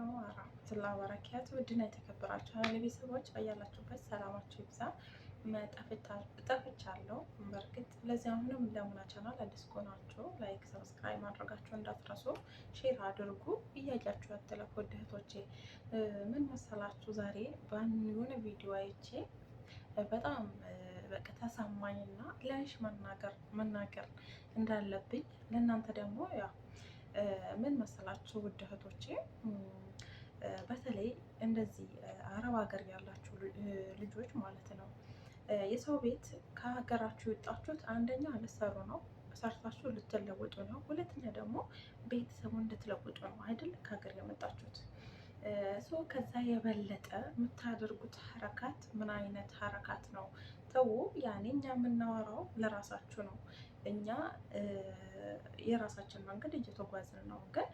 አለይኩም ወራህመቱላሂ ወበረካቱ ውድና የተከበራችሁ ቤተሰቦች በያላችሁበት ሰላማችሁ ይብዛ። ጠፍቻለሁ። በእርግጥ ለዚህ አሁንም ለሙና ቻናል አዲስ ከሆናችሁ ላይክ፣ ሰብስክራይብ ማድረጋችሁ እንዳትረሱ፣ ሼር አድርጉ። እያያችሁ አትለፉ ውድ እህቶቼ። ምን መሰላችሁ ዛሬ ባንሆነ ቪዲዮ አይቼ በጣም በቃ ተሰማኝና ለሽ መናገር መናገር እንዳለብኝ ለእናንተ ደግሞ ያው ምን መሰላችሁ ውድ እህቶቼ በተለይ እንደዚህ አረብ ሀገር ያላችሁ ልጆች ማለት ነው የሰው ቤት ከሀገራችሁ የወጣችሁት አንደኛ ልትሰሩ ነው፣ ሰርታችሁ ልትለወጡ ነው። ሁለተኛ ደግሞ ቤተሰቡን እንድትለውጡ ነው አይደል? ከሀገር የመጣችሁት ሰው ከዛ የበለጠ የምታደርጉት ሀረካት ምን አይነት ሀረካት ነው? ሰው ያኔ እኛ የምናወራው ለራሳችሁ ነው። እኛ የራሳችን መንገድ እየተጓዝን ነው። ግን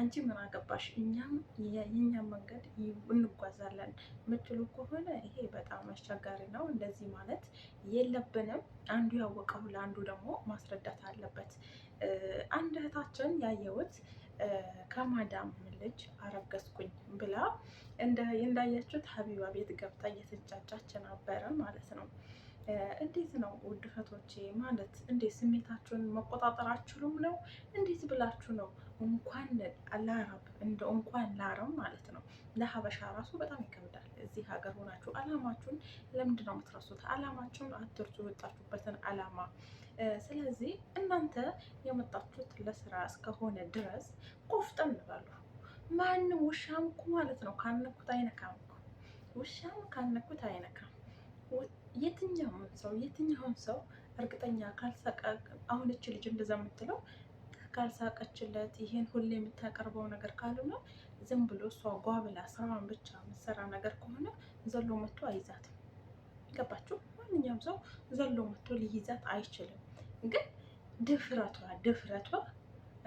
አንቺ ምን አገባሽ? እኛም የኛ መንገድ እንጓዛለን ምትሉ ከሆነ ይሄ በጣም አስቸጋሪ ነው። እንደዚህ ማለት የለብንም። አንዱ ያወቀው ለአንዱ ደግሞ ማስረዳት አለበት። አንድ እህታችን ያየሁት ከማዳም ልጅ አረገዝኩኝ ብላ እንዳያችሁት ሀቢባ ቤት ገብታ እየተጫጫች ነበረ ማለት ነው። እንዴት ነው ውድ እህቶቼ ማለት እንዴት ስሜታችሁን መቆጣጠር አችሉም ነው? እንዴት ብላችሁ ነው እንኳን ለአረብ እንደ እንኳን ለአረብ ማለት ነው ለሀበሻ ራሱ በጣም ይከብዳል። እዚህ ሀገር ሆናችሁ አላማችሁን ለምንድን ነው የምትረሱት? አላማችሁን አትርሱ፣ የወጣችሁበትን አላማ። ስለዚህ እናንተ የመጣችሁት ለስራ እስከሆነ ድረስ ቆፍጠን በሉ። ማንም ውሻም እኮ ማለት ነው ካነኩት አይነካም። ውሻም ካነኩት አይነካም። የትኛውን ሰው የትኛውን ሰው እርግጠኛ ካልሳቀ አሁን እች ልጅ እንደዛ የምትለው ካልሳቀችለት ይሄን ሁሌ የምታቀርበው ነገር ካልሆነ ዝም ብሎ እሷ ጓ ብላ ስራዋን ብቻ የምትሰራ ነገር ከሆነ ዘሎ መቶ አይዛትም። ገባችሁ? ማንኛውም ሰው ዘሎ መቶ ሊይዛት አይችልም። ግን ድፍረቷ ድፍረቷ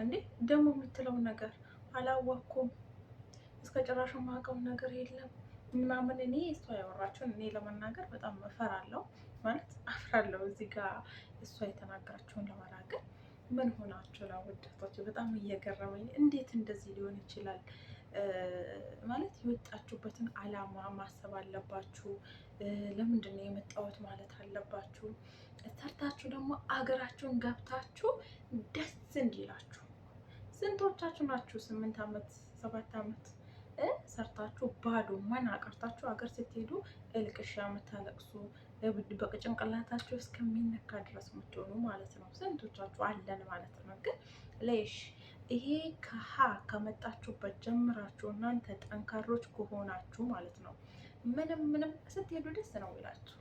እንዴ ደግሞ የምትለው ነገር አላወቅኩም፣ እስከ ጭራሽ ማውቀው ነገር የለም ምናምን እኔ እሷ ያወራቸውን እኔ ለመናገር በጣም እፈራለሁ፣ ማለት አፍራለሁ። እዚህ ጋር እሷ የተናገራቸውን ለመናገር ምን ሆናቸው ላወዳታቸው በጣም እየገረመኝ፣ እንዴት እንደዚህ ሊሆን ይችላል? ማለት የወጣችሁበትን አላማ ማሰብ አለባችሁ። ለምንድን ነው የመጣሁት ማለት አለባችሁ። ሰርታችሁ ደግሞ አገራችሁን ገብታችሁ ደስ እንዲላችሁ። ስንቶቻችሁ ናችሁ ስምንት አመት ሰባት አመት? ሰርታችሁ ባዶ ማን ቀርታችሁ አገር ስትሄዱ እልቅሻ የምታለቅሱ በጭንቅላታችሁ እስከሚነካ ድረስ የምትሆኑ ማለት ነው። ስንቶቻችሁ አለን ማለት ነው። ግን ለሽ ይሄ ከሀ ከመጣችሁበት ጀምራችሁ እናንተ ጠንካሮች ከሆናችሁ ማለት ነው ምንም ምንም ስትሄዱ ደስ ነው ይላችሁ።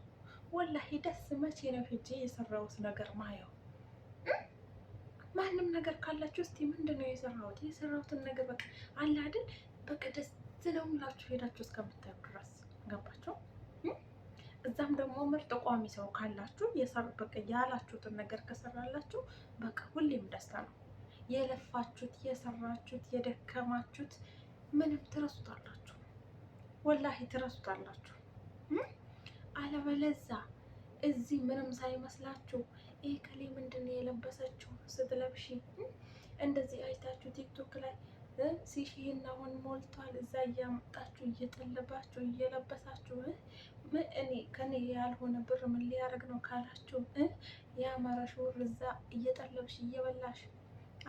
ወላሂ ደስ መቼ ነው ሄጄ የሰራሁት ነገር ማየው ማንም ነገር ካላችሁ እስቲ ምንድን ነው የሰራሁት የሰራሁትን ነገር በቃ አለ አይደል በቃ ደስ ነው ሄዳችሁ እስከምታዩ ድረስ ገባቸው። እዛም ደግሞ ምርጥ ቋሚ ሰው ካላችሁ የሰሩ በቃ ያላችሁትን ነገር ከሰራላችሁ በቃ ሁሌም ደስታ ነው። የለፋችሁት፣ የሰራችሁት፣ የደከማችሁት ምንም ትረሱታላችሁ። ወላሂ ትረሱታላችሁ። አለበለዛ እዚህ ምንም ሳይመስላችሁ ይህ ከሌ ምንድን ነው የለበሰችው ስትለብሺ እንደዚህ አይታችሁ ቲክቶክ ላይ ሲሽን አሁን ሞልቷል። እዛ እያመጣችሁ እየጠለባችሁ እየለበሳችሁ እኔ ከኔ ያልሆነ ብር ምን ሊያደርግ ነው ካላችሁ የአማራ ሹር እዛ እየጠለብሽ እየበላሽ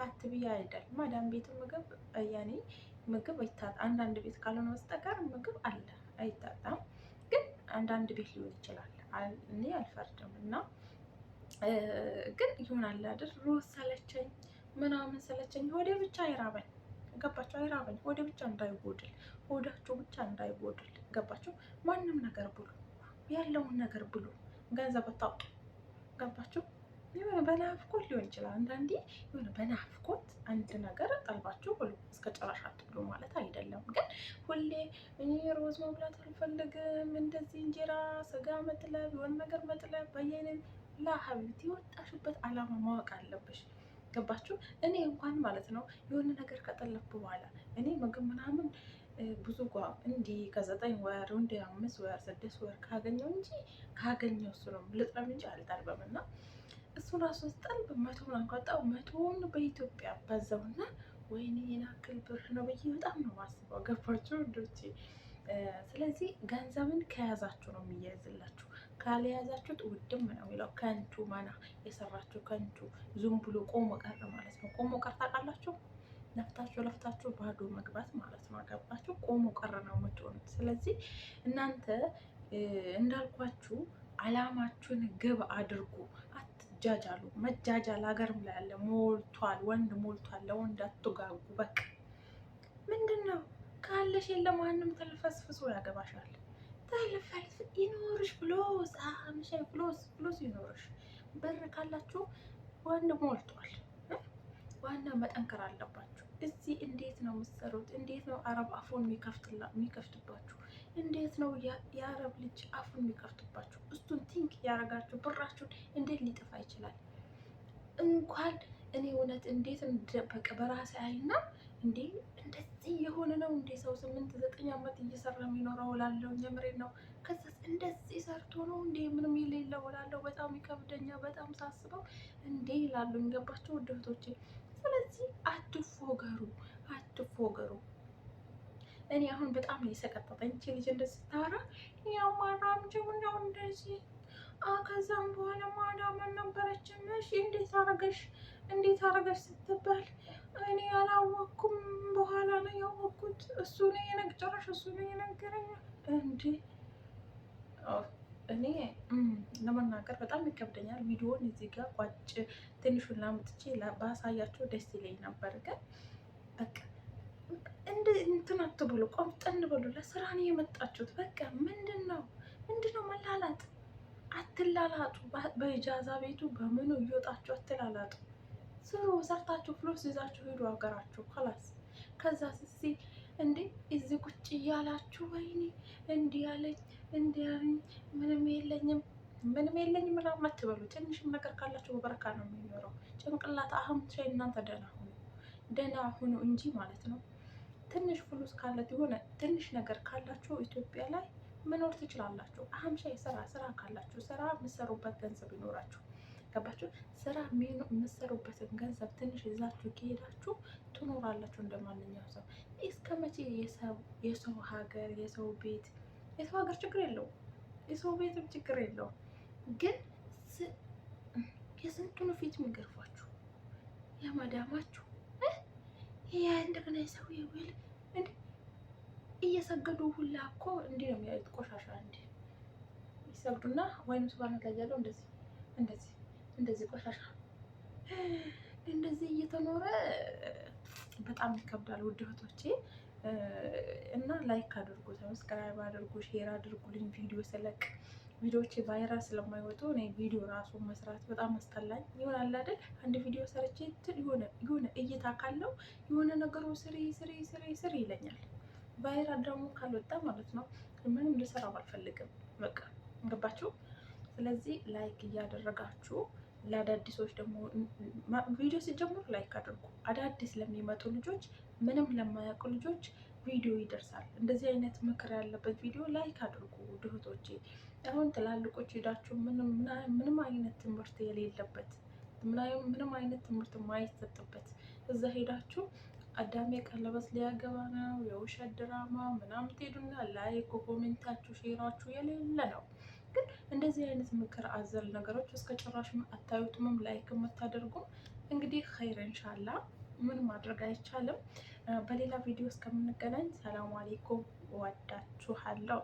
አትብዬ አይደል። ማዳም ቤት ምግብ ያኔ ምግብ ይታጣ አንዳንድ ቤት ካልሆነ በስተቀር ምግብ አለ አይታጣም። ግን አንዳንድ ቤት ሊሆን ይችላል። እኔ አልፈርድም እና ግን ይሆናል አይደል ሩዝ ሰለቸኝ ምናምን ስለችኝ ሆዴ ብቻ አይራበኝ። ገባችሁ? አይራበኝ ሆዴ ብቻ እንዳይጎድል፣ ሆዳችሁ ብቻ እንዳይጎድል። ገባችሁ? ማንም ነገር ብሉ፣ ያለውን ነገር ብሉ፣ ገንዘብ አታውጡ። ገባችሁ? የሆነ በናፍቆት ሊሆን ይችላል። አንዳንዴ የሆነ በናፍቆት አንድ ነገር ጠልባችሁ ሁሉ እስከ ጨራሽ አትብሉ ማለት አይደለም። ግን ሁሌ ሮዝ መብላት አልፈልግም፣ እንደዚህ እንጀራ፣ ስጋ መጥለብ፣ የሆነ ነገር መጥለብ በየነ ላ የወጣሽበት አላማ ማወቅ አለብሽ። ገባችሁ? እኔ እንኳን ማለት ነው የሆነ ነገር ከጠለፍኩ በኋላ እኔ ምግብ ምናምን ብዙ ጓ እንዲህ ከዘጠኝ ወር እንዲ አምስት ወር ስድስት ወር ካገኘው እንጂ ካገኘው እሱ ነው ልጥረም እንጂ አልጠልበም። እና እሱ ራሱ ስጠልብ መቶውን አንቋጣው መቶውን በኢትዮጵያ በዛውና ወይኔ የናክል ብር ነው ብዬ በጣም ነው ማስበው። ገባችሁ እንዶቼ? ስለዚህ ገንዘብን ከያዛችሁ ነው የሚያዝላችሁ፣ ካልያዛችሁት ውድም ነው ከንቱ መና የሰራችሁ ከንቱ ዝም ብሎ ቆሞ ቀር ማለት ነው። ቆሞ ቀር ታውቃላችሁ። ለፍታችሁ ለፍታችሁ ባዶ መግባት ማለት ነው። አገባችሁ ቆሞ ቀረ ነው የምትሆኑት። ስለዚህ እናንተ እንዳልኳችሁ አላማችሁን ግብ አድርጉ። አትጃጃሉ። መጃጃል ሀገርም ላይ ያለ ሞልቷል። ወንድ ሞልቷል። ለወንድ አትጋጉ። በቃ ምንድን ነው ካለሽ የለ ማንም ተልፈስፍሶ ያገባሻል። ታለፋልፍ ይኖርሽ ብሎ አምሻይ ብሎስ ብሎስ ይኖርሽ በር ካላችሁ ዋና ሞልቷል። ዋና መጠንከር አለባችሁ። እዚህ እንዴት ነው የምትሰሩት? እንዴት ነው አረብ አፉን የሚከፍትባችሁ? እንዴት ነው የአረብ ልጅ አፉን የሚከፍትባችሁ? እሱን ቲንክ ያደረጋችሁ ብራችሁን እንዴት ሊጠፋ ይችላል? እንኳን እኔ እውነት እንዴት እንደበቀ በራሴ አይና እንዴ እንዴ ሰው ስምንት ዘጠኝ ዓመት እየሰራ የሚኖረው እላለሁ። የምሬን ነው። ከዛስ እንደዚህ ሰርቶ ነው እንዴ ምንም የሌለው እላለሁ። በጣም ይከብደኛ በጣም ሳስበው እንዴ ይላሉ። የሚገባቸው ውድ እህቶቼ፣ ስለዚህ አትፎገሩ፣ አትፎገሩ። እኔ አሁን በጣም ነው የሰቀጠጠኝ ልጅ እንደስታወራ ያማራም ጀምናው እንደዚህ ከዛም በኋላ ማዳመን ነበረች። እሺ እንዴት አረገሽ እንዴት አረገሽ ስትባል እኔ አላወቅኩም፣ በኋላ ነው ያወቅኩት። እሱ ነው የነገረሽ እሱ ነው የነገረኝ። እንዴ እኔ ለመናገር በጣም ይከብደኛል። ቪዲዮን እዚህ ጋር ቋጭ ትንሹን ላምጥቼ ባሳያቸው ደስ ይለኝ ነበር፣ ግን በቃ እንደ እንትን አትበሉ፣ ቆምጠን በሉ። ለስራ ነው የመጣችሁት። በቃ ምንድን ነው አትላላጡ። በእጃዛ ቤቱ በምኑ እየወጣችሁ አትላላጡ። ስሩ፣ ሰርታችሁ ፍሎስ ይዛችሁ ሄዱ ሀገራችሁ ከላስ። ከዛ ስሴ እንዴ እዚህ ቁጭ እያላችሁ ወይኔ እንዲህ ያለኝ እንዲ ያለኝ ምንም የለኝም ምንም የለኝ ምናምን አትበሉ። ትንሽም ነገር ካላችሁ በበረካ ነው የሚኖረው። ጭንቅላት አህም ሻይ እናንተ ደህና ሁኑ ደህና ሁኑ እንጂ ማለት ነው። ትንሽ ፍሉስ ካለት የሆነ ትንሽ ነገር ካላችሁ ኢትዮጵያ ላይ መኖር ትችላላችሁ። አምሻ የስራ ስራ ካላችሁ ስራ ምሰሩበት ገንዘብ ይኖራችሁ ገባችሁ። ስራ የምትሰሩበትን ገንዘብ ትንሽ ይዛችሁ ከሄዳችሁ ትኖራላችሁ እንደማንኛውም ሰው። እስከ መቼ የሰው ሀገር የሰው ቤት የሰው ሀገር ችግር የለውም የሰው ቤትም ችግር የለው፣ ግን የስንቱን ፊት የሚገርፏችሁ የማዳማችሁ ይህ እንደገና የሰው እንዴ እየሰገዱ ሁላ እኮ እንዲህ ነው የሚያዩት። ቆሻሻ እንዲህ ይሰግዱና ወይም ሱባነት ላይ ያለው እንደዚህ እንደዚህ እንደዚህ ቆሻሻ እንደዚህ እየተኖረ በጣም ይከብዳል። ውድ እህቶቼ እና ላይክ አድርጉ፣ ሰብስክራይብ አድርጉ፣ ሼር አድርጉልኝ ቪዲዮ ስለቅ ቪዲዮዎች ቫይራል ስለማይወጡ እኔ ቪዲዮ ራሱ መስራት በጣም አስጠላኝ ይሆናል አይደል? አንድ ቪዲዮ ሰርቼ ትል የሆነ እይታ ካለው የሆነ ነገሩ ስሪ ስሪ ስሪ ስሪ ይለኛል። ቫይራል ደግሞ ካልወጣ ማለት ነው ምንም ልሰራው አልፈልግም። በቃ ገባችሁ። ስለዚህ ላይክ እያደረጋችሁ ለአዳዲሶች ደግሞ ቪዲዮ ሲጀምሩ ላይክ አድርጉ። አዳዲስ ለሚመጡ ልጆች፣ ምንም ለማያውቁ ልጆች ቪዲዮ ይደርሳል። እንደዚህ አይነት ምክር ያለበት ቪዲዮ ላይክ አድርጉ ድህቶቼ። አሁን ትላልቆች ሄዳችሁ ምንም አይነት ትምህርት የሌለበት ምንም አይነት ትምህርት ማይሰጥበት እዛ ሄዳችሁ አዳሜ ቀለበት ሊያገባ ነው፣ የውሸት ድራማ ምናምን ትሄዱና ላይክ ኮሜንታችሁ፣ ሼራችሁ የሌለ ነው። ግን እንደዚህ አይነት ምክር አዘል ነገሮች እስከ ጭራሽም አታዩትምም፣ ላይክ የምታደርጉም እንግዲህ ኸይር እንሻላ። ምን ማድረግ አይቻልም። በሌላ ቪዲዮ እስከምንገናኝ ሰላም አሌይኩም፣ ወዳችኋለሁ።